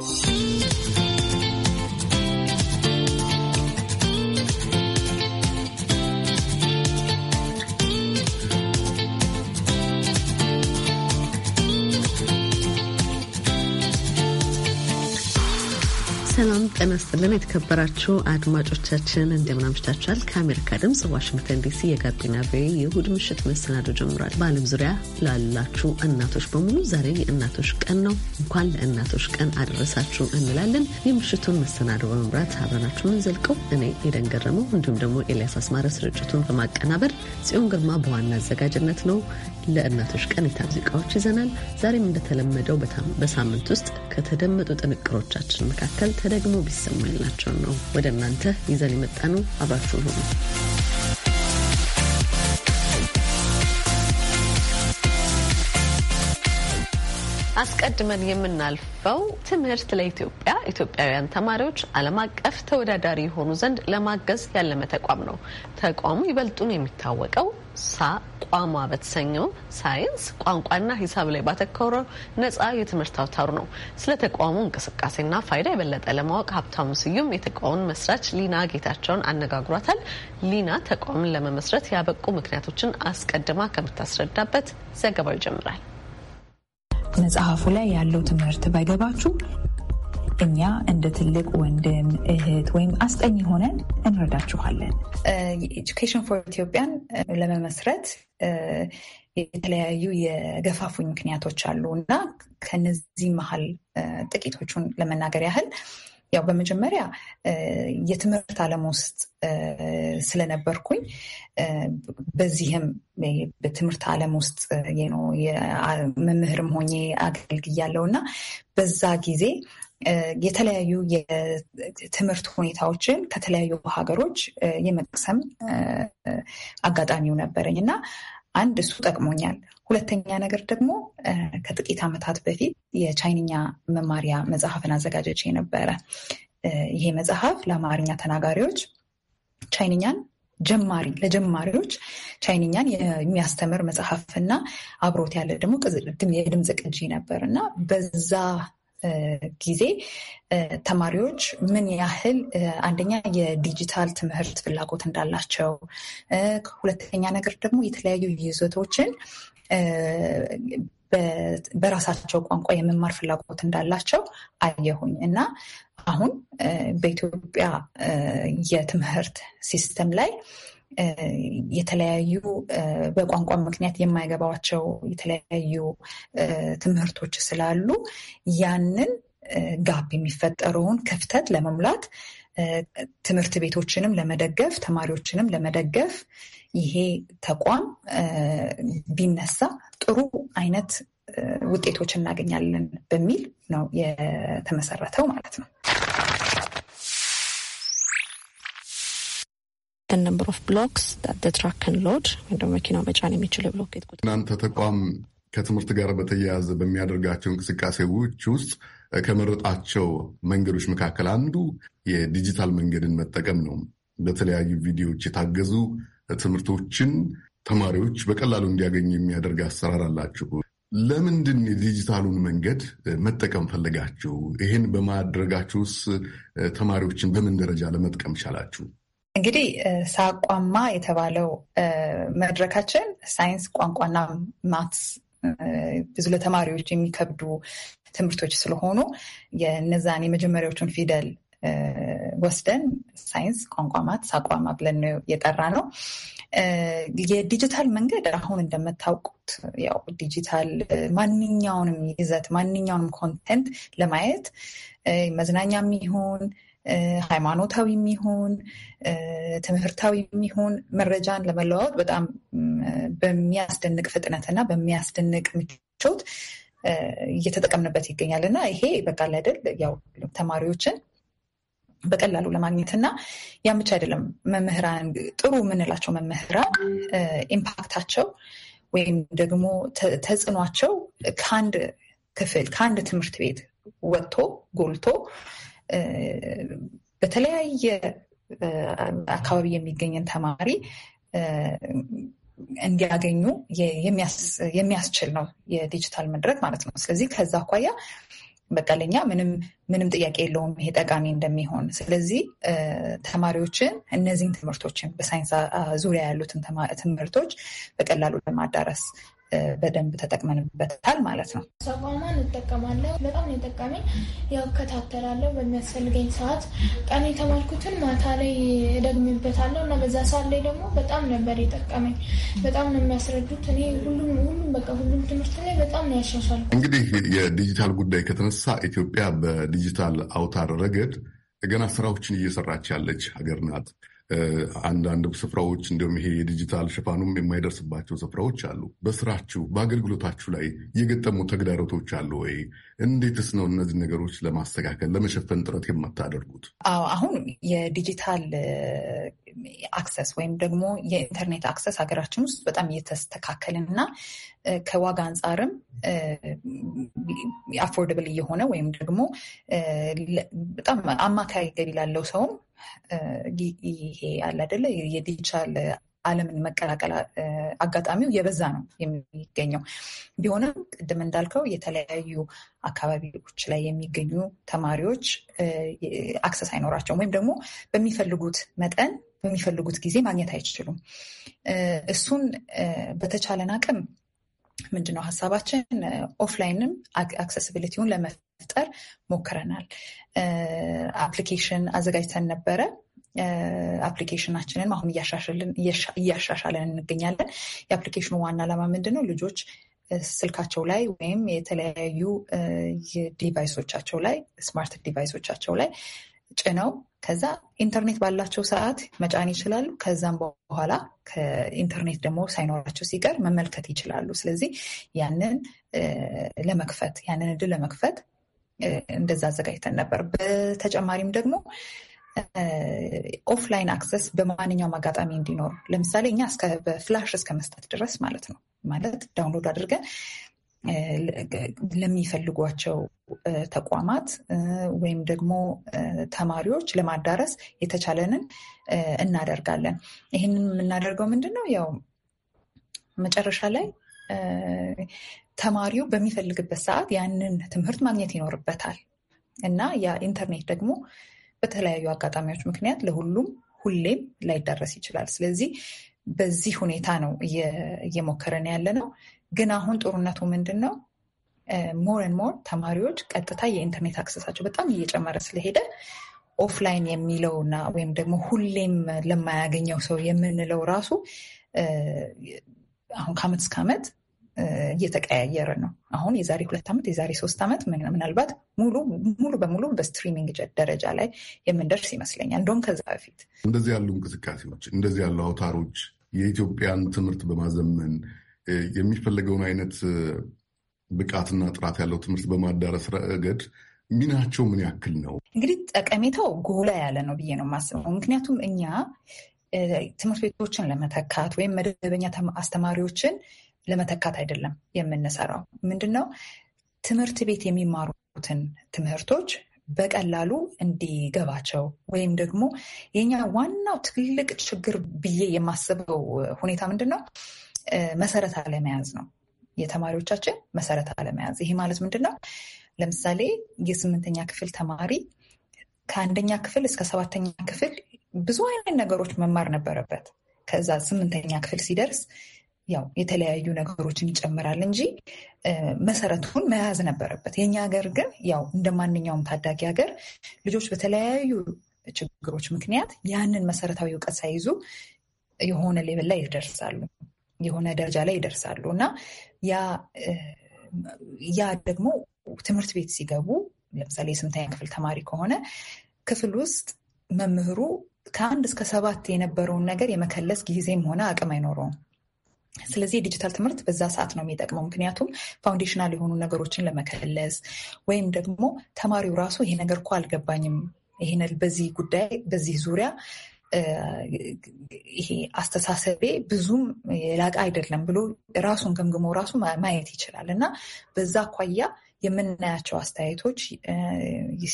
you ጤና ይስጥልን የተከበራችሁ አድማጮቻችን እንደምን አምሽታችኋል። ከአሜሪካ ድምጽ ዋሽንግተን ዲሲ የጋቢና ቪኦኤ የእሁድ ምሽት መሰናዶ ጀምሯል። በዓለም ዙሪያ ላላችሁ እናቶች በሙሉ ዛሬ የእናቶች ቀን ነው። እንኳን ለእናቶች ቀን አደረሳችሁ እንላለን። የምሽቱን መሰናዶ በመምራት አብረናችሁ ምንዘልቀው እኔ ኤደን ገረመው እንዲሁም ደግሞ ኤልያስ አስማረ ስርጭቱን በማቀናበር ጽዮን ግርማ በዋና አዘጋጅነት ነው። ለእናቶች ቀን የታብ ይዘናል። ዛሬም እንደተለመደው በሳምንት ውስጥ ከተደመጡ ጥንቅሮቻችን መካከል ተደግሞ እየተሰሙ ነው ወደ እናንተ ይዘን የመጣ ነው። አብራችሁን ሆኑ። አስቀድመን የምናልፍ ባለፈው ትምህርት ለኢትዮጵያ ኢትዮጵያውያን ተማሪዎች ዓለም አቀፍ ተወዳዳሪ የሆኑ ዘንድ ለማገዝ ያለመ ተቋም ነው። ተቋሙ ይበልጡን የሚታወቀው ሳ ቋሟ በተሰኘው ሳይንስ፣ ቋንቋና ሂሳብ ላይ ባተኮረው ነጻ የትምህርት አውታሩ ነው። ስለ ተቋሙ እንቅስቃሴና ፋይዳ የበለጠ ለማወቅ ሀብታሙ ስዩም የተቋሙን መስራች ሊና ጌታቸውን አነጋግሯታል። ሊና ተቋሙን ለመመስረት ያበቁ ምክንያቶችን አስቀድማ ከምታስረዳበት ዘገባው ይጀምራል። መጽሐፉ ላይ ያለው ትምህርት ባይገባችሁ እኛ እንደ ትልቅ ወንድም እህት ወይም አስጠኝ ሆነን እንረዳችኋለን። ኤጁኬሽን ፎር ኢትዮጵያን ለመመስረት የተለያዩ የገፋፉኝ ምክንያቶች አሉ እና ከነዚህ መሀል ጥቂቶቹን ለመናገር ያህል ያው በመጀመሪያ የትምህርት ዓለም ውስጥ ስለነበርኩኝ በዚህም በትምህርት ዓለም ውስጥ መምህርም ሆኜ አገልግያለሁ እና በዛ ጊዜ የተለያዩ የትምህርት ሁኔታዎችን ከተለያዩ ሀገሮች የመቅሰም አጋጣሚው ነበረኝ እና አንድ እሱ ጠቅሞኛል። ሁለተኛ ነገር ደግሞ ከጥቂት ዓመታት በፊት የቻይንኛ መማሪያ መጽሐፍን አዘጋጀች የነበረ ይሄ መጽሐፍ ለአማርኛ ተናጋሪዎች ቻይንኛን ጀማሪ ለጀማሪዎች ቻይንኛን የሚያስተምር መጽሐፍ እና አብሮት ያለ ደግሞ የድምፅ ቅጂ ነበር እና በዛ ጊዜ ተማሪዎች ምን ያህል አንደኛ የዲጂታል ትምህርት ፍላጎት እንዳላቸው፣ ሁለተኛ ነገር ደግሞ የተለያዩ ይዘቶችን በራሳቸው ቋንቋ የመማር ፍላጎት እንዳላቸው አየሁኝ እና አሁን በኢትዮጵያ የትምህርት ሲስተም ላይ የተለያዩ በቋንቋ ምክንያት የማይገባቸው የተለያዩ ትምህርቶች ስላሉ ያንን ጋፕ የሚፈጠረውን ክፍተት ለመሙላት ትምህርት ቤቶችንም ለመደገፍ ተማሪዎችንም ለመደገፍ ይሄ ተቋም ቢነሳ ጥሩ አይነት ውጤቶች እናገኛለን በሚል ነው የተመሰረተው ማለት ነው። ሰርተን ነምበር ኦፍ ብሎክስ that the ወይም ደግሞ መኪናው መጫን የሚችል ብሎኬት ቁጥር እናንተ ተቋም ከትምህርት ጋር በተያያዘ በሚያደርጋቸው እንቅስቃሴዎች ውስጥ ከመረጣቸው መንገዶች መካከል አንዱ የዲጂታል መንገድን መጠቀም ነው። በተለያዩ ቪዲዮዎች የታገዙ ትምህርቶችን ተማሪዎች በቀላሉ እንዲያገኙ የሚያደርግ አሰራር አላችሁ። ለምንድን የዲጂታሉን መንገድ መጠቀም ፈለጋችሁ? ይህን በማድረጋችሁስ ተማሪዎችን በምን ደረጃ ለመጥቀም ቻላችሁ? እንግዲህ ሳቋማ የተባለው መድረካችን ሳይንስ፣ ቋንቋና ማትስ ብዙ ለተማሪዎች የሚከብዱ ትምህርቶች ስለሆኑ የነዛን የመጀመሪያዎቹን ፊደል ወስደን ሳይንስ ቋንቋ ማትስ አቋማ ብለን ነው የጠራ ነው። የዲጂታል መንገድ አሁን እንደምታውቁት ያው ዲጂታል ማንኛውንም ይዘት ማንኛውንም ኮንቴንት ለማየት መዝናኛም ይሁን ሃይማኖታዊ የሚሆን ትምህርታዊ የሚሆን መረጃን ለመለዋወጥ በጣም በሚያስደንቅ ፍጥነት ና በሚያስደንቅ ምቾት እየተጠቀምንበት ይገኛል እና ይሄ በቃ ለድል ያው ተማሪዎችን በቀላሉ ለማግኘት እና ያም ብቻ አይደለም። መምህራን ጥሩ የምንላቸው መምህራን ኢምፓክታቸው ወይም ደግሞ ተጽዕኗቸው ከአንድ ክፍል ከአንድ ትምህርት ቤት ወጥቶ ጎልቶ በተለያየ አካባቢ የሚገኝን ተማሪ እንዲያገኙ የሚያስችል ነው የዲጂታል መድረክ ማለት ነው። ስለዚህ ከዛ አኳያ በቃ ምንም ጥያቄ የለውም ይሄ ጠቃሚ እንደሚሆን። ስለዚህ ተማሪዎችን እነዚህን ትምህርቶችን በሳይንስ ዙሪያ ያሉትን ትምህርቶች በቀላሉ ለማዳረስ በደንብ ተጠቅመንበታል ማለት ነው። ሰቋማን እጠቀማለሁ። በጣም ነው የጠቀመኝ። ያው እከታተላለሁ በሚያስፈልገኝ ሰዓት። ቀን የተማልኩትን ማታ ላይ እደግምበታለሁ እና በዛ ሰዓት ላይ ደግሞ በጣም ነበር የጠቀመኝ። በጣም ነው የሚያስረዱት። እኔ ሁሉም ሁሉም በቃ ሁሉም ትምህርት ላይ በጣም ነው ያሻሻል። እንግዲህ የዲጂታል ጉዳይ ከተነሳ ኢትዮጵያ በዲጂታል አውታር ረገድ ገና ስራዎችን እየሰራች ያለች ሀገር ናት። አንዳንድ ስፍራዎች እንዲሁም ይሄ የዲጂታል ሽፋኑም የማይደርስባቸው ስፍራዎች አሉ። በስራችሁ በአገልግሎታችሁ ላይ የገጠሙ ተግዳሮቶች አሉ ወይ? እንዴትስ ነው እነዚህ ነገሮች ለማስተካከል ለመሸፈን ጥረት የምታደርጉት አዎ አሁን የዲጂታል አክሰስ ወይም ደግሞ የኢንተርኔት አክሰስ ሀገራችን ውስጥ በጣም እየተስተካከለ እና ከዋጋ አንጻርም አፎርደብል እየሆነ ወይም ደግሞ በጣም አማካይ ገቢ ላለው ሰውም ይሄ አለ አይደለ የዲጂታል ዓለምን መቀላቀል አጋጣሚው የበዛ ነው የሚገኘው። ቢሆንም ቅድም እንዳልከው የተለያዩ አካባቢዎች ላይ የሚገኙ ተማሪዎች አክሰስ አይኖራቸውም ወይም ደግሞ በሚፈልጉት መጠን በሚፈልጉት ጊዜ ማግኘት አይችሉም። እሱን በተቻለን አቅም ምንድነው ሀሳባችን ኦፍላይንም አክሰስቢሊቲውን ለመፍጠር ሞክረናል። አፕሊኬሽን አዘጋጅተን ነበረ። አፕሊኬሽናችንን አሁን እያሻሻለን እንገኛለን። የአፕሊኬሽኑ ዋና ዓላማ ምንድነው ነው? ልጆች ስልካቸው ላይ ወይም የተለያዩ ዲቫይሶቻቸው ላይ ስማርት ዲቫይሶቻቸው ላይ ጭነው ከዛ ኢንተርኔት ባላቸው ሰዓት መጫን ይችላሉ። ከዛም በኋላ ከኢንተርኔት ደግሞ ሳይኖራቸው ሲቀር መመልከት ይችላሉ። ስለዚህ ያንን ለመክፈት ያንን እድል ለመክፈት እንደዛ አዘጋጅተን ነበር። በተጨማሪም ደግሞ ኦፍላይን አክሰስ በማንኛውም አጋጣሚ እንዲኖር ለምሳሌ እኛ በፍላሽ እስከ መስጠት ድረስ ማለት ነው ማለት ዳውንሎድ አድርገን ለሚፈልጓቸው ተቋማት ወይም ደግሞ ተማሪዎች ለማዳረስ የተቻለንን እናደርጋለን። ይህንን የምናደርገው ምንድን ነው? ያው መጨረሻ ላይ ተማሪው በሚፈልግበት ሰዓት ያንን ትምህርት ማግኘት ይኖርበታል እና ያ ኢንተርኔት ደግሞ በተለያዩ አጋጣሚዎች ምክንያት ለሁሉም ሁሌም ላይዳረስ ይችላል። ስለዚህ በዚህ ሁኔታ ነው እየሞከረን ያለ ነው። ግን አሁን ጦርነቱ ምንድን ነው? ን ሞር ተማሪዎች ቀጥታ የኢንተርኔት አክሰሳቸው በጣም እየጨመረ ስለሄደ ኦፍላይን ና ወይም ደግሞ ሁሌም ለማያገኘው ሰው የምንለው ራሱ አሁን ከአመት እስከ ዓመት እየተቀያየረ ነው። አሁን የዛሬ ሁለት ዓመት የዛሬ ሶስት ዓመት ምናልባት ሙሉ በሙሉ በስትሪሚንግ ደረጃ ላይ የምንደርስ ይመስለኛል። እንደውም ከዛ በፊት እንደዚህ ያሉ እንቅስቃሴዎች እንደዚህ ያሉ አውታሮች የኢትዮጵያን ትምህርት በማዘመን የሚፈለገውን አይነት ብቃትና ጥራት ያለው ትምህርት በማዳረስ ረገድ ሚናቸው ምን ያክል ነው? እንግዲህ ጠቀሜታው ጎላ ያለ ነው ብዬ ነው የማስበው። ምክንያቱም እኛ ትምህርት ቤቶችን ለመተካት ወይም መደበኛ አስተማሪዎችን ለመተካት አይደለም የምንሰራው። ምንድነው ትምህርት ቤት የሚማሩትን ትምህርቶች በቀላሉ እንዲገባቸው ወይም ደግሞ የኛ ዋናው ትልቅ ችግር ብዬ የማስበው ሁኔታ ምንድን ነው መሰረት አለመያዝ ነው። የተማሪዎቻችን መሰረት አለመያዝ። ይሄ ማለት ምንድን ነው? ለምሳሌ የስምንተኛ ክፍል ተማሪ ከአንደኛ ክፍል እስከ ሰባተኛ ክፍል ብዙ አይነት ነገሮች መማር ነበረበት። ከዛ ስምንተኛ ክፍል ሲደርስ ያው የተለያዩ ነገሮችን ይጨምራል እንጂ መሰረቱን መያዝ ነበረበት። የኛ ሀገር ግን ያው እንደ ማንኛውም ታዳጊ ሀገር ልጆች በተለያዩ ችግሮች ምክንያት ያንን መሰረታዊ እውቀት ሳይዙ የሆነ ሌብል ላይ ይደርሳሉ። የሆነ ደረጃ ላይ ይደርሳሉ እና ያ ደግሞ ትምህርት ቤት ሲገቡ ለምሳሌ የስምንተኛ ክፍል ተማሪ ከሆነ ክፍል ውስጥ መምህሩ ከአንድ እስከ ሰባት የነበረውን ነገር የመከለስ ጊዜም ሆነ አቅም አይኖረውም። ስለዚህ የዲጂታል ትምህርት በዛ ሰዓት ነው የሚጠቅመው። ምክንያቱም ፋውንዴሽናል የሆኑ ነገሮችን ለመከለስ ወይም ደግሞ ተማሪው ራሱ ይሄ ነገር እኮ አልገባኝም፣ ይሄ በዚህ ጉዳይ በዚህ ዙሪያ ይሄ አስተሳሰቤ ብዙም የላቀ አይደለም ብሎ ራሱን ገምግሞ ራሱ ማየት ይችላል እና በዛ አኳያ የምናያቸው አስተያየቶች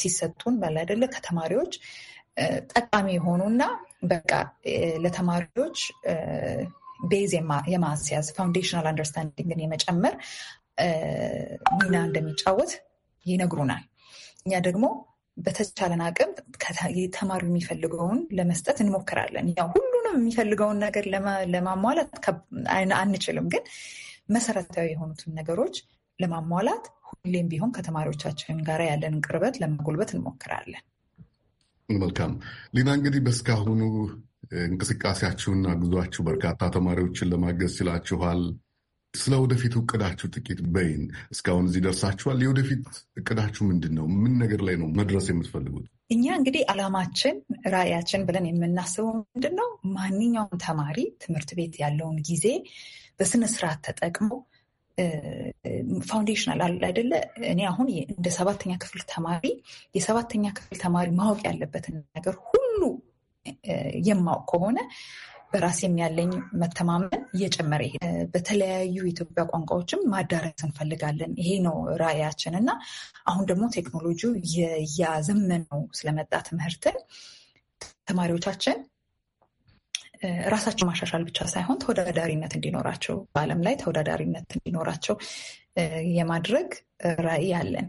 ሲሰጡን በላደለ ከተማሪዎች ጠቃሚ የሆኑና በቃ ለተማሪዎች ቤዝ የማስያዝ ፋውንዴሽናል አንደርስታንዲንግን የመጨመር ሚና እንደሚጫወት ይነግሩናል። እኛ ደግሞ በተቻለን አቅም ተማሪው የሚፈልገውን ለመስጠት እንሞክራለን። ያው ሁሉንም የሚፈልገውን ነገር ለማሟላት አንችልም፣ ግን መሰረታዊ የሆኑትን ነገሮች ለማሟላት ሁሌም ቢሆን ከተማሪዎቻችን ጋር ያለንን ቅርበት ለማጎልበት እንሞክራለን። መልካም ሊና፣ እንግዲህ በእስካሁኑ እንቅስቃሴያችሁና ጉዟችሁ በርካታ ተማሪዎችን ለማገዝ ችላችኋል። ስለ ወደፊት እቅዳችሁ ጥቂት በይን። እስካሁን እዚህ ደርሳችኋል። የወደፊት እቅዳችሁ ምንድን ነው? ምን ነገር ላይ ነው መድረስ የምትፈልጉት? እኛ እንግዲህ አላማችን ራዕያችን ብለን የምናስበው ምንድን ነው? ማንኛውም ተማሪ ትምህርት ቤት ያለውን ጊዜ በስነስርዓት ተጠቅሞ ፋውንዴሽናል አለ አይደለ? እኔ አሁን እንደ ሰባተኛ ክፍል ተማሪ የሰባተኛ ክፍል ተማሪ ማወቅ ያለበትን ነገር ሁሉ የማውቅ ከሆነ በራሴም ያለኝ መተማመን እየጨመረ ይሄ በተለያዩ የኢትዮጵያ ቋንቋዎችም ማዳረስ እንፈልጋለን። ይሄ ነው ራዕያችን እና አሁን ደግሞ ቴክኖሎጂው ያዘመነው ስለመጣ ትምህርትን ተማሪዎቻችን ራሳቸው ማሻሻል ብቻ ሳይሆን ተወዳዳሪነት እንዲኖራቸው በዓለም ላይ ተወዳዳሪነት እንዲኖራቸው የማድረግ ራዕይ አለን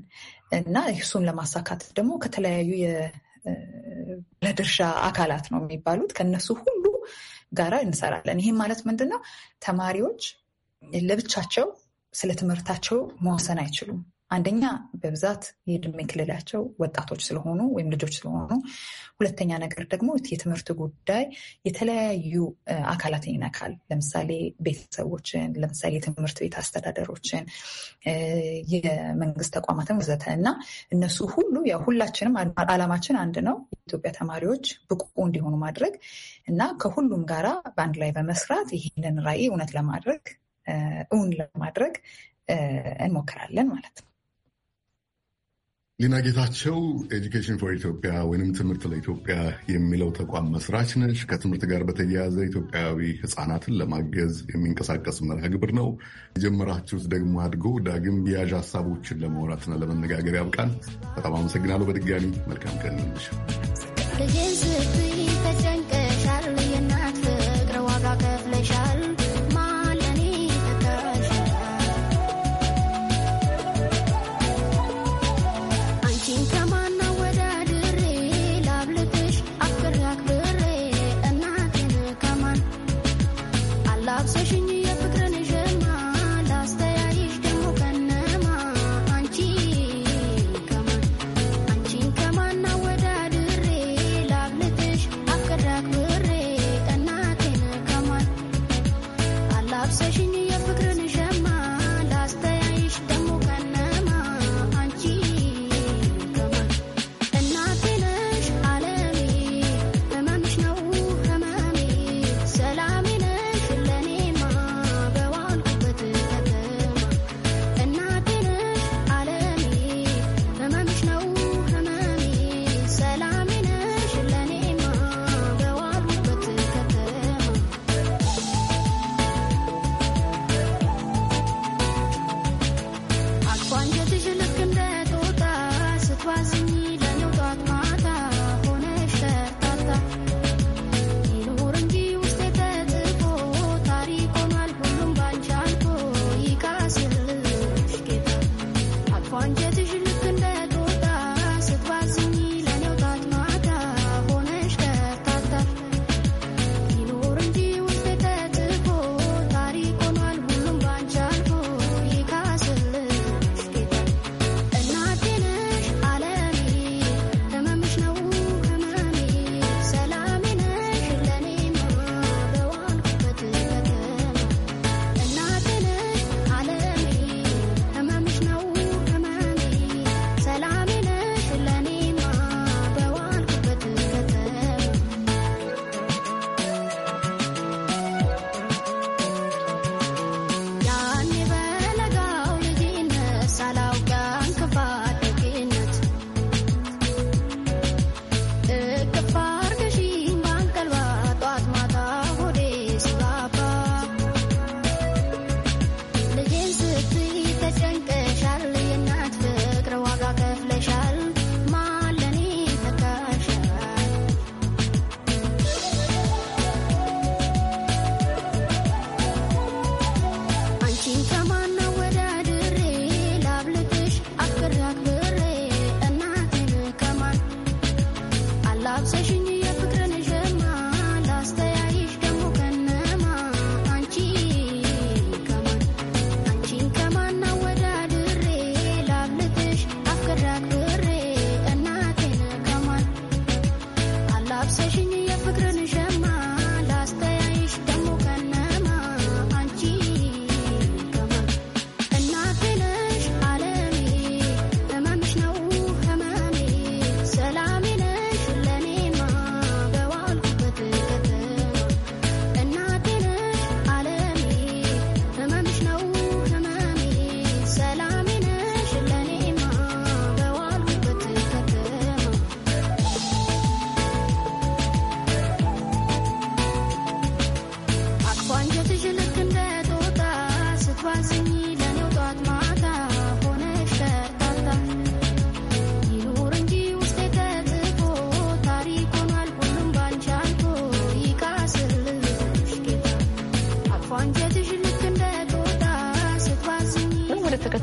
እና እሱን ለማሳካት ደግሞ ከተለያዩ ለድርሻ አካላት ነው የሚባሉት ከነሱ ሁሉ ጋራ እንሰራለን። ይህም ማለት ምንድን ነው? ተማሪዎች ለብቻቸው ስለ ትምህርታቸው መወሰን አይችሉም። አንደኛ በብዛት የእድሜ ክልላቸው ወጣቶች ስለሆኑ ወይም ልጆች ስለሆኑ፣ ሁለተኛ ነገር ደግሞ የትምህርት ጉዳይ የተለያዩ አካላትን ይነካል። ለምሳሌ ቤተሰቦችን፣ ለምሳሌ የትምህርት ቤት አስተዳደሮችን፣ የመንግስት ተቋማትን ወዘተ እና እነሱ ሁሉ ያው ሁላችንም አላማችን አንድ ነው፣ የኢትዮጵያ ተማሪዎች ብቁ እንዲሆኑ ማድረግ እና ከሁሉም ጋራ በአንድ ላይ በመስራት ይህንን ራዕይ እውነት ለማድረግ እውን ለማድረግ እንሞክራለን ማለት ነው። ሊና ጌታቸው ኤጁኬሽን ፎር ኢትዮጵያ ወይም ትምህርት ለኢትዮጵያ የሚለው ተቋም መስራች ነች። ከትምህርት ጋር በተያያዘ ኢትዮጵያዊ ሕፃናትን ለማገዝ የሚንቀሳቀስ መርሃ ግብር ነው የጀመራችሁት። ደግሞ አድጎ ዳግም የያዥ ሀሳቦችን ለማውራትና ለመነጋገር ያብቃን። በጣም አመሰግናለሁ። በድጋሚ መልካም ቀን።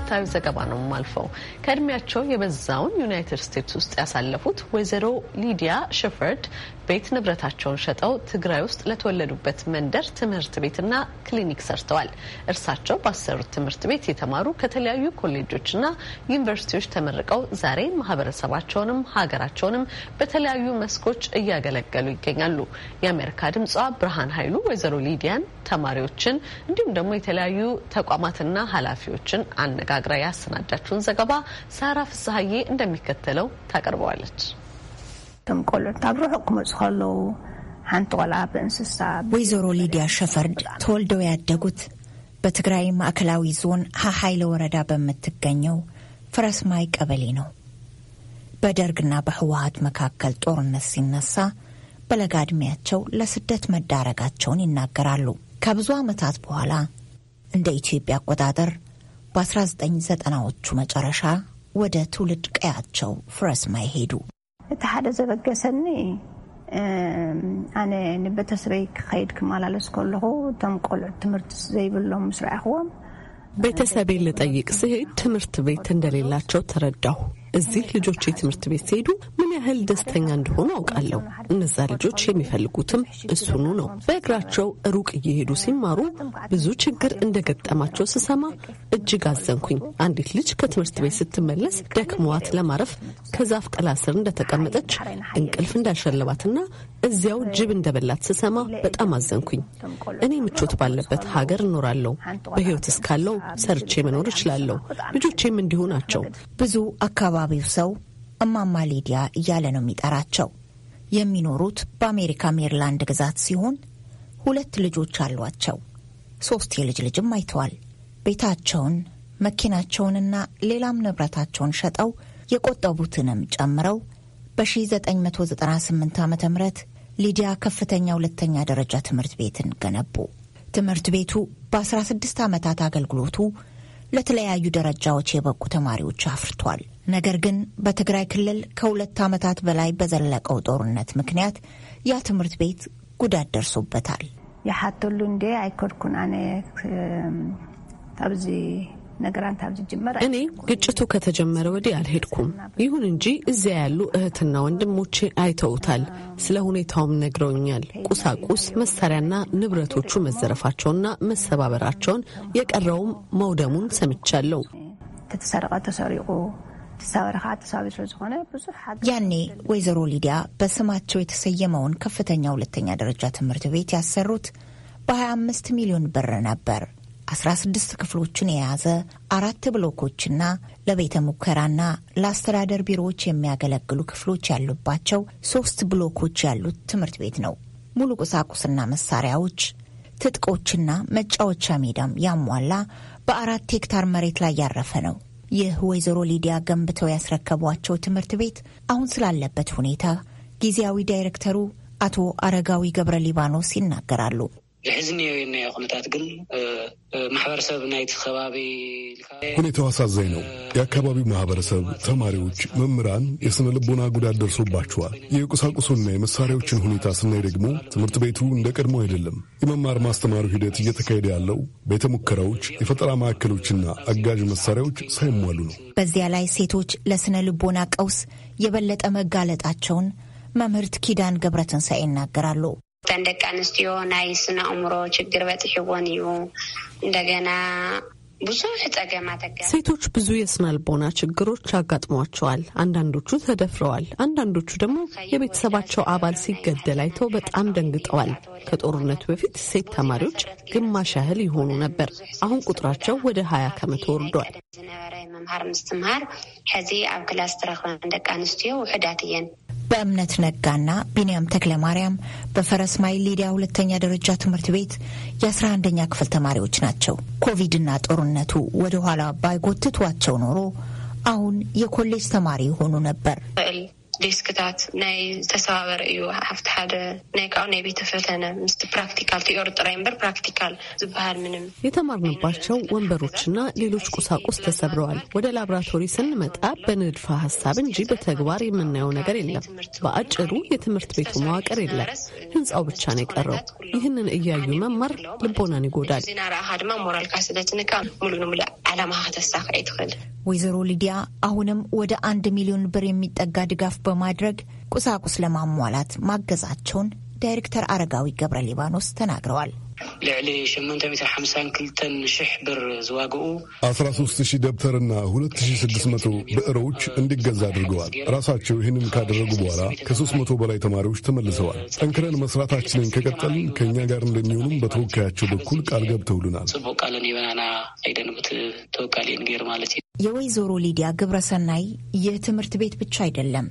ተከታዩ ዘገባ ነው የማልፈው። ከእድሜያቸው የበዛውን ዩናይትድ ስቴትስ ውስጥ ያሳለፉት ወይዘሮ ሊዲያ ሽፈርድ ቤት ንብረታቸውን ሸጠው ትግራይ ውስጥ ለተወለዱበት መንደር ትምህርት ቤትና ክሊኒክ ሰርተዋል። እርሳቸው ባሰሩት ትምህርት ቤት የተማሩ ከተለያዩ ኮሌጆችና ዩኒቨርሲቲዎች ተመርቀው ዛሬ ማህበረሰባቸውንም ሀገራቸውንም በተለያዩ መስኮች እያገለገሉ ይገኛሉ። የአሜሪካ ድምጿ ብርሃን ኃይሉ ወይዘሮ ሊዲያን፣ ተማሪዎችን እንዲሁም ደግሞ የተለያዩ ተቋማትና ኃላፊዎችን አነጋግ አጠናቅራ ያሰናዳችውን ዘገባ ሳራ ፍስሀዬ እንደሚከተለው ታቀርበዋለች። እቶም ቆልዑታት ርሑቅ ክመፁ ከለዉ ሓንቲ ቆልዓ ብእንስሳ ወይዘሮ ሊድያ ሸፈርድ ተወልደው ያደጉት በትግራይ ማዕከላዊ ዞን ሓሓይለ ወረዳ በምትገኘው ፍረስማይ ቀበሌ ነው። በደርግና በህወሀት መካከል ጦርነት ሲነሳ በለጋ ዕድሜያቸው ለስደት መዳረጋቸውን ይናገራሉ። ከብዙ ዓመታት በኋላ እንደ ኢትዮጵያ አቆጣጠር በ1990ዎቹ መጨረሻ ወደ ትውልድ ቀያቸው ፍረስማ ይሄዱ እቲ ሓደ ዘበገሰኒ ኣነ ንቤተሰበይ ክኸይድ ክመላለስ ከለኹ እቶም ቆልዑ ትምህርቲ ዘይብሎም ምስ ረኣኽዎም ቤተሰበይ ልጠይቅ ስሄድ ትምህርት ቤት እንደሌላቸው ተረዳሁ። እዚህ ልጆች የትምህርት ቤት ሲሄዱ ምን ያህል ደስተኛ እንደሆኑ አውቃለሁ። እነዛ ልጆች የሚፈልጉትም እሱኑ ነው። በእግራቸው ሩቅ እየሄዱ ሲማሩ ብዙ ችግር እንደገጠማቸው ስሰማ እጅግ አዘንኩኝ። አንዲት ልጅ ከትምህርት ቤት ስትመለስ ደክመዋት ለማረፍ ከዛፍ ጥላ ስር እንደተቀመጠች እንቅልፍ እንዳሸለባትና እዚያው ጅብ እንደበላት ስሰማ በጣም አዘንኩኝ። እኔ ምቾት ባለበት ሀገር እኖራለሁ። በህይወት እስካለው ሰርቼ መኖር እችላለሁ። ልጆቼም እንዲሁ ናቸው። ብዙ አካባቢው ሰው እማማ ሊዲያ እያለ ነው የሚጠራቸው። የሚኖሩት በአሜሪካ ሜሪላንድ ግዛት ሲሆን ሁለት ልጆች አሏቸው። ሶስት የልጅ ልጅም አይተዋል። ቤታቸውን መኪናቸውንና ሌላም ንብረታቸውን ሸጠው የቆጠቡትንም ጨምረው በ1998 ዓ ም ሊዲያ ከፍተኛ ሁለተኛ ደረጃ ትምህርት ቤትን ገነቡ። ትምህርት ቤቱ በ16 ዓመታት አገልግሎቱ ለተለያዩ ደረጃዎች የበቁ ተማሪዎች አፍርቷል። ነገር ግን በትግራይ ክልል ከሁለት ዓመታት በላይ በዘለቀው ጦርነት ምክንያት ያ ትምህርት ቤት ጉዳት ደርሶበታል። የሓተሉ እንዴ አይኮድኩን ኣነ ኣብዚ እኔ ግጭቱ ከተጀመረ ወዲህ አልሄድኩም። ይሁን እንጂ እዚያ ያሉ እህትና ወንድሞቼ አይተውታል። ስለ ሁኔታውም ነግረውኛል። ቁሳቁስ መሳሪያና ንብረቶቹ መዘረፋቸውና መሰባበራቸውን የቀረውም መውደሙን ሰምቻለሁ። ተተሰረቀ ተሰሪቁ ያኔ ወይዘሮ ሊዲያ በስማቸው የተሰየመውን ከፍተኛ ሁለተኛ ደረጃ ትምህርት ቤት ያሰሩት በ25 ሚሊዮን ብር ነበር። 16 ክፍሎችን የያዘ አራት ብሎኮችና ለቤተ ሙከራና ለአስተዳደር ቢሮዎች የሚያገለግሉ ክፍሎች ያሉባቸው ሶስት ብሎኮች ያሉት ትምህርት ቤት ነው። ሙሉ ቁሳቁስና መሳሪያዎች፣ ትጥቆችና መጫወቻ ሜዳም ያሟላ በአራት ሄክታር መሬት ላይ ያረፈ ነው። ይህ ወይዘሮ ሊዲያ ገንብተው ያስረከቧቸው ትምህርት ቤት አሁን ስላለበት ሁኔታ ጊዜያዊ ዳይሬክተሩ አቶ አረጋዊ ገብረ ሊባኖስ ይናገራሉ። ዝሕዝኒዮ ኩነታት ግን ማሕበረሰብ ናይቲ ከባቢ ሁኔታው አሳዛኝ ነው። የአካባቢው ማህበረሰብ፣ ተማሪዎች፣ መምህራን የስነ ልቦና ጉዳት ደርሶባቸዋል። የቁሳቁሱና የመሳሪያዎችን ሁኔታ ስናይ ደግሞ ትምህርት ቤቱ እንደ ቀድሞ አይደለም። የመማር ማስተማሩ ሂደት እየተካሄደ ያለው ቤተ ሙከራዎች፣ የፈጠራ ማዕከሎችና አጋዥ መሳሪያዎች ሳይሟሉ ነው። በዚያ ላይ ሴቶች ለስነ ልቦና ቀውስ የበለጠ መጋለጣቸውን መምህርት ኪዳን ገብረትንሳኤ ይናገራሉ። እተን ደቂ ኣንስትዮ ናይ ስነ ኣእምሮ ችግር በፅሕዎን እዩ እንደገና ብዙሕ ጸገማት ሴቶች ብዙ የስነልቦና ችግሮች አጋጥሟቸዋል። አንዳንዶቹ ተደፍረዋል። አንዳንዶቹ ደግሞ የቤተሰባቸው አባል ሲገደል አይተው በጣም ደንግጠዋል። ከጦርነቱ በፊት ሴት ተማሪዎች ግማሽ ያህል ይሆኑ ነበር። አሁን ቁጥራቸው ወደ ሀያ ከመቶ ወርዷል። ዝነበረ መምሃር ምስትምሃር ሕዚ ኣብ ክላስ ተረኽበን ደቂ ኣንስትዮ ውሕዳት እየን በእምነት ነጋና ቢንያም ተክለ ማርያም በፈረስ ማይል ሊዲያ ሁለተኛ ደረጃ ትምህርት ቤት የአስራ አንደኛ ክፍል ተማሪዎች ናቸው። ኮቪድና ጦርነቱ ወደ ኋላ ባይጎትቷቸው ኖሮ አሁን የኮሌጅ ተማሪ ሆኑ ነበር። ዲስክታት ናይ ዝተሰባበረ እዩ ሃፍቲ ሓደ ናይ ካብኡ ናይ ቤተ ፈተነ ምስቲ ፕራክቲካል ትኦር ጥራይ እምበር ፕራክቲካል ዝበሃል ምንም የተማርንባቸው ወንበሮችና ሌሎች ቁሳቁስ ተሰብረዋል። ወደ ላብራቶሪ ስንመጣ በንድፈ ሀሳብ እንጂ በተግባር የምናየው ነገር የለም። በአጭሩ የትምህርት ቤቱ መዋቅር የለም፣ ህንፃው ብቻ ነው የቀረው። ይህንን እያዩ መማር ልቦናን ይጎዳል። ናረኣኻ ድማ ሞራልካ ስለትንካ ሙሉ ንሙሉእ ዓላማ ክተሳክዐ ትኽእል ወይዘሮ ሊድያ አሁንም ወደ አንድ ሚሊዮን ብር የሚጠጋ ድጋፍ በማድረግ ቁሳቁስ ለማሟላት ማገዛቸውን ዳይሬክተር አረጋዊ ገብረ ሊባኖስ ተናግረዋል። ልዕሊ 852 ሽሕ ብር ዝዋግኡ 13000 ደብተርና 2600 ብዕሮች እንዲገዛ አድርገዋል። ራሳቸው ይህንን ካደረጉ በኋላ ከ300 በላይ ተማሪዎች ተመልሰዋል። ጠንክረን መስራታችንን ከቀጠል ከእኛ ጋር እንደሚሆኑም በተወካያቸው በኩል ቃል ገብተውልናል። ጽቡቅ ቃልን የበናና አይደንብት ተወካሌን ገይር ማለት የወይዘሮ ሊዲያ ግብረሰናይ ይህ ትምህርት ቤት ብቻ አይደለም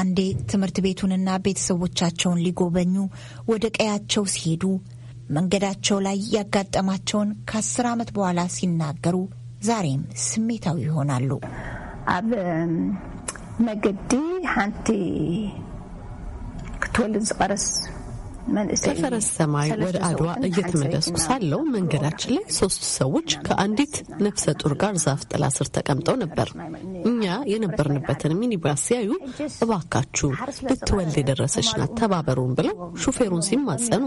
አንዴ ትምህርት ቤቱንና ቤተሰቦቻቸውን ሊጎበኙ ወደ ቀያቸው ሲሄዱ መንገዳቸው ላይ ያጋጠማቸውን ከአስር ዓመት በኋላ ሲናገሩ ዛሬም ስሜታዊ ይሆናሉ። ኣብ መገዲ ሓንቲ ክትወልድ ዝቀረስ ከፈረስ ሰማይ ወደ አድዋ እየተመለስኩ ሳለው መንገዳችን ላይ ሶስት ሰዎች ከአንዲት ነፍሰ ጡር ጋር ዛፍ ጥላ ስር ተቀምጠው ነበር። እኛ የነበርንበትን ሚኒባስ ሲያዩ እባካችሁ ልትወልድ የደረሰች ናት ተባበሩን ብለው ሹፌሩን ሲማጸኑ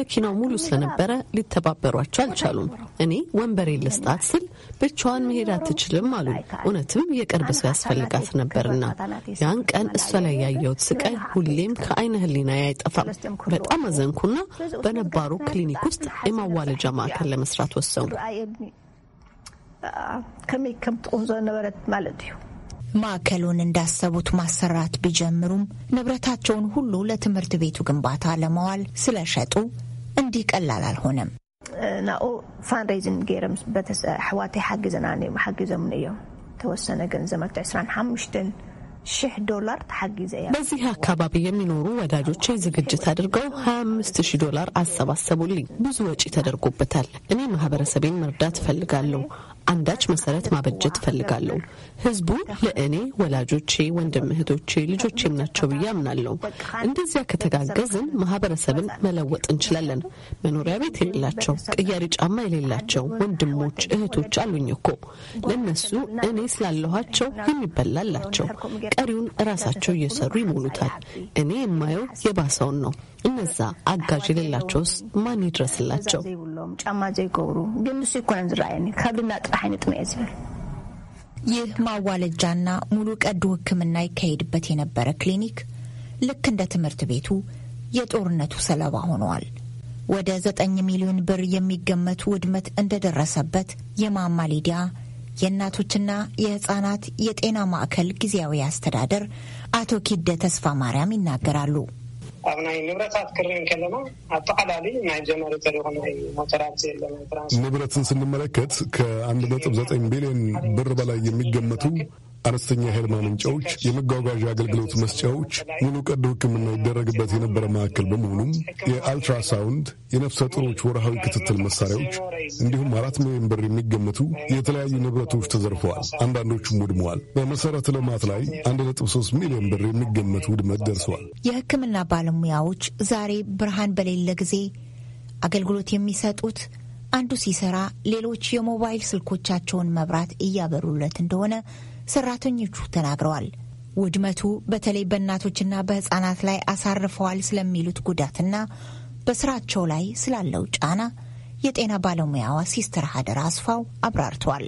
መኪናው ሙሉ ስለነበረ ሊተባበሯቸው አልቻሉም። እኔ ወንበሬ ልስጣት ስል ብቻዋን መሄድ አትችልም አሉ። እውነትም የቅርብ ሰው ያስፈልጋት ነበርና ያን ቀን እሷ ላይ ያየሁት ስቃይ ሁሌም ከአይነ ህሊና አይጠፋም በጣም በጣም አዘንኩና በነባሩ ክሊኒክ ውስጥ የማዋለጃ ማዕከል ለመስራት ወሰንኩ። ማዕከሉን እንዳሰቡት ማሰራት ቢጀምሩም ንብረታቸውን ሁሉ ለትምህርት ቤቱ ግንባታ ለመዋል ስለሸጡ እንዲህ ቀላል አልሆነም። ናብኡ ፋንሬይዝን ገይሮም ኣሕዋተይ ሓጊዘና ሓጊዞምን እዮም ተወሰነ ገንዘብ ኣብቲ 25 ሽሕ ዶላር ተሓጊዘ እያ። በዚህ አካባቢ የሚኖሩ ወዳጆቼ ዝግጅት አድርገው 25 አምስት ሺህ ዶላር አሰባሰቡልኝ። ብዙ ወጪ ተደርጎበታል። እኔ ማህበረሰቤን መርዳት እፈልጋለሁ። አንዳች መሰረት ማበጀት እፈልጋለሁ። ህዝቡ ለእኔ ወላጆቼ፣ ወንድም እህቶቼ፣ ልጆቼም ናቸው ብዬ አምናለሁ። እንደዚያ ከተጋገዝን ማህበረሰብን መለወጥ እንችላለን። መኖሪያ ቤት የሌላቸው፣ ቅያሪ ጫማ የሌላቸው ወንድሞች እህቶች አሉኝ እኮ ለእነሱ እኔ ስላለኋቸው የሚበላላቸው ቀሪውን እራሳቸው እየሰሩ ይሞሉታል። እኔ የማየው የባሰውን ነው። እነዛ አጋዥ የሌላቸውስ ማን ይድረስላቸው? ይህ ማዋለጃና ሙሉ ቀዶ ሕክምና ይካሄድበት የነበረ ክሊኒክ ልክ እንደ ትምህርት ቤቱ የጦርነቱ ሰለባ ሆነዋል። ወደ ዘጠኝ ሚሊዮን ብር የሚገመት ውድመት እንደደረሰበት የማማ ሊዲያ የእናቶችና የህፃናት የጤና ማዕከል ጊዜያዊ አስተዳደር አቶ ኪደ ተስፋ ማርያም ይናገራሉ። ኣብ ናይ ንብረታት ክሪኢ ከለና ኣጠቃላሊ ናይ ጀነሬተር ይኹን ናይ ሞተራት ንብረትን ስንመለከት ከአንድ ነጥብ ዘጠኝ ቢልዮን ብር በላይ የሚገመቱ አነስተኛ ኃይል ማመንጫዎች፣ የመጓጓዣ አገልግሎት መስጫዎች፣ ሙሉ ቀዶ ሕክምና ይደረግበት የነበረ ማዕከል በመሆኑም የአልትራሳውንድ የነፍሰ ጡሮች ወርሃዊ ክትትል መሳሪያዎች እንዲሁም አራት ሚሊዮን ብር የሚገመቱ የተለያዩ ንብረቶች ተዘርፈዋል። አንዳንዶቹም ውድመዋል። በመሰረተ ልማት ላይ 1.3 ሚሊዮን ብር የሚገመት ውድመት ደርሰዋል። የህክምና ባለሙያዎች ዛሬ ብርሃን በሌለ ጊዜ አገልግሎት የሚሰጡት አንዱ ሲሰራ ሌሎች የሞባይል ስልኮቻቸውን መብራት እያበሩለት እንደሆነ ሰራተኞቹ ተናግረዋል። ውድመቱ በተለይ በእናቶችና በህፃናት ላይ አሳርፈዋል ስለሚሉት ጉዳትና በስራቸው ላይ ስላለው ጫና የጤና ባለሙያዋ ሲስተር ሀደር አስፋው አብራርተዋል።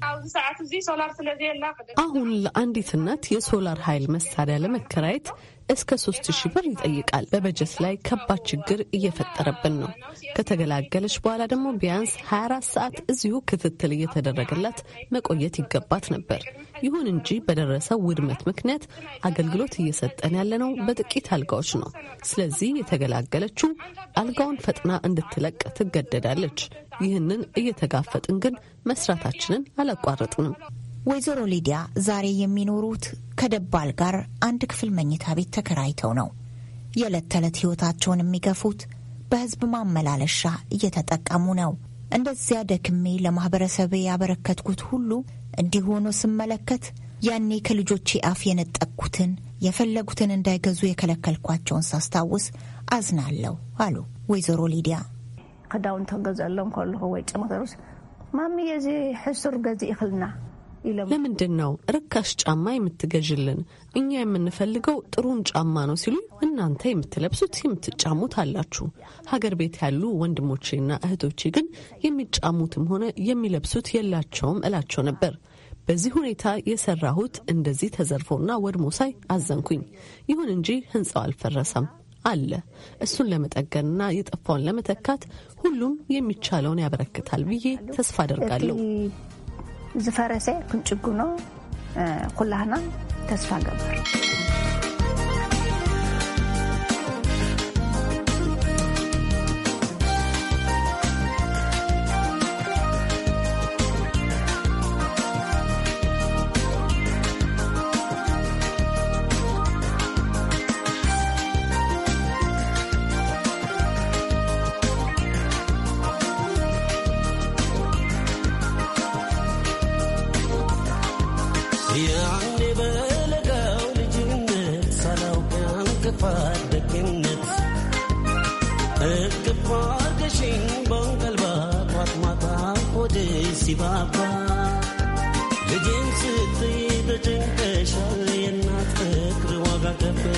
አሁን ለአንዲት እናት የሶላር ኃይል መሳሪያ ለመከራየት እስከ ሶስት ሺህ ብር ይጠይቃል። በበጀት ላይ ከባድ ችግር እየፈጠረብን ነው። ከተገላገለች በኋላ ደግሞ ቢያንስ 24 ሰዓት እዚሁ ክትትል እየተደረገላት መቆየት ይገባት ነበር። ይሁን እንጂ በደረሰው ውድመት ምክንያት አገልግሎት እየሰጠን ያለነው በጥቂት አልጋዎች ነው። ስለዚህ የተገላገለችው አልጋውን ፈጥና እንድትለቅ ትገደዳለች። ይህንን እየተጋፈጥን ግን መስራታችንን አላቋረጥንም። ወይዘሮ ሊዲያ ዛሬ የሚኖሩት ከደባል ጋር አንድ ክፍል መኝታ ቤት ተከራይተው ነው። የዕለት ተዕለት ሕይወታቸውን የሚገፉት በሕዝብ ማመላለሻ እየተጠቀሙ ነው። እንደዚያ ደክሜ ለማኅበረሰብ ያበረከትኩት ሁሉ እንዲህ ሆኖ ስመለከት ያኔ ከልጆቼ አፍ የነጠቅኩትን የፈለጉትን እንዳይገዙ የከለከልኳቸውን ሳስታውስ አዝናለሁ አሉ ወይዘሮ ሊዲያ። ክዳውንቲ ክገዝአሎም ከለኹ ወይ ጭምክርስ ማሚ የዚ ሕሱር ገዚእ ይኽልና ለምንድን ነው ርካሽ ጫማ የምትገዥልን? እኛ የምንፈልገው ጥሩን ጫማ ነው ሲሉ እናንተ የምትለብሱት የምትጫሙት አላችሁ። ሀገር ቤት ያሉ ወንድሞቼና እህቶቼ ግን የሚጫሙትም ሆነ የሚለብሱት የላቸውም እላቸው ነበር። በዚህ ሁኔታ የሰራሁት እንደዚህ ተዘርፎና ወድሞ ሳይ አዘንኩኝ። ይሁን እንጂ ህንፃው አልፈረሰም አለ። እሱን ለመጠገንና የጠፋውን ለመተካት ሁሉም የሚቻለውን ያበረክታል ብዬ ተስፋ አደርጋለሁ። ዝፈረሰ ክንጭጉኖ ኩላህና ተስፋ ገበር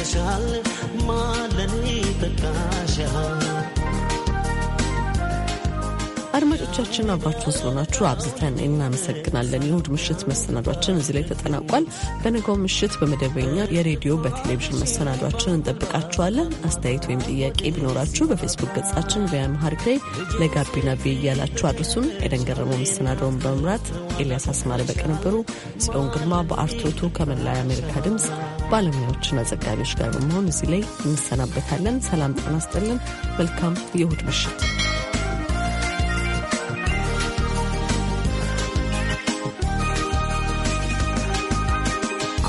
ተጠቅመሻል ማለኔ ተቃሻል። አድማጮቻችን አብራችሁን ስለሆናችሁ አብዝተን እናመሰግናለን። የእሁድ ምሽት መሰናዷችን እዚህ ላይ ተጠናቋል። በነጋው ምሽት በመደበኛ የሬዲዮ በቴሌቪዥን መሰናዷችን እንጠብቃችኋለን። አስተያየት ወይም ጥያቄ ቢኖራችሁ በፌስቡክ ገጻችን በያምሃሪክ ላይ ለጋቢና ቤ እያላችሁ አድርሱን። ኤደን ገረመው መሰናዷውን በመምራት ኤልያስ አስማረ በቀነበሩ ጽዮን ግርማ በአርቶቱ ከመላ የአሜሪካ ድምፅ ባለሙያዎችና ዘጋቢዎች ጋር በመሆን እዚህ ላይ እንሰናበታለን። ሰላም ጤና ይስጥልን። መልካም የእሁድ ምሽት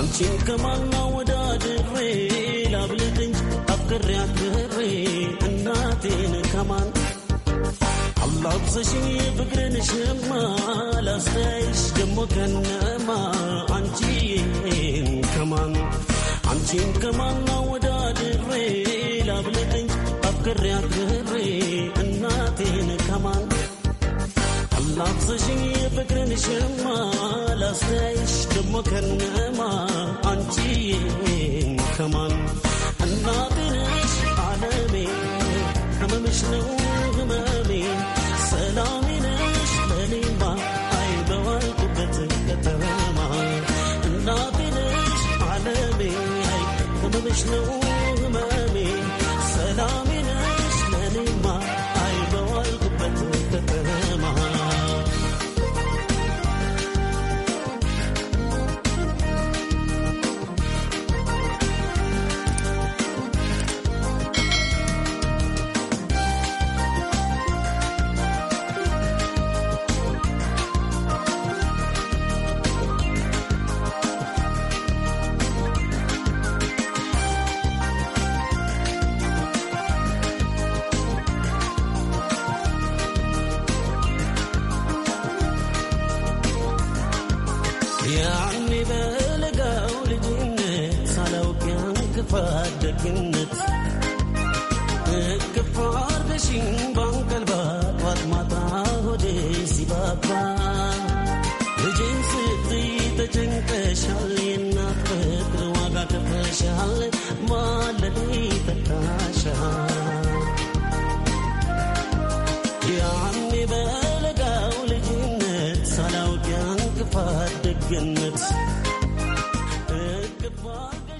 አንቺን ከማና ወዳድሬ ላብልጥ እንጂ አፍቅሬ እናቴን ላብሰሽኝ ፍቅርንሽማ ላስተያይሽ ደሞ ከነማ አንቺን ከማን አንቺን ከማና ወዳድሬ ላብለጠኝ አፍቅሬ አድሬ እናቴን ከማን ላብሰሽኝ ፍቅርንሽማ ላስተያይሽ ደሞ ከነማ አንቺን ከማን እናቴንሽ አለሜ ከመምሽ ነው There's no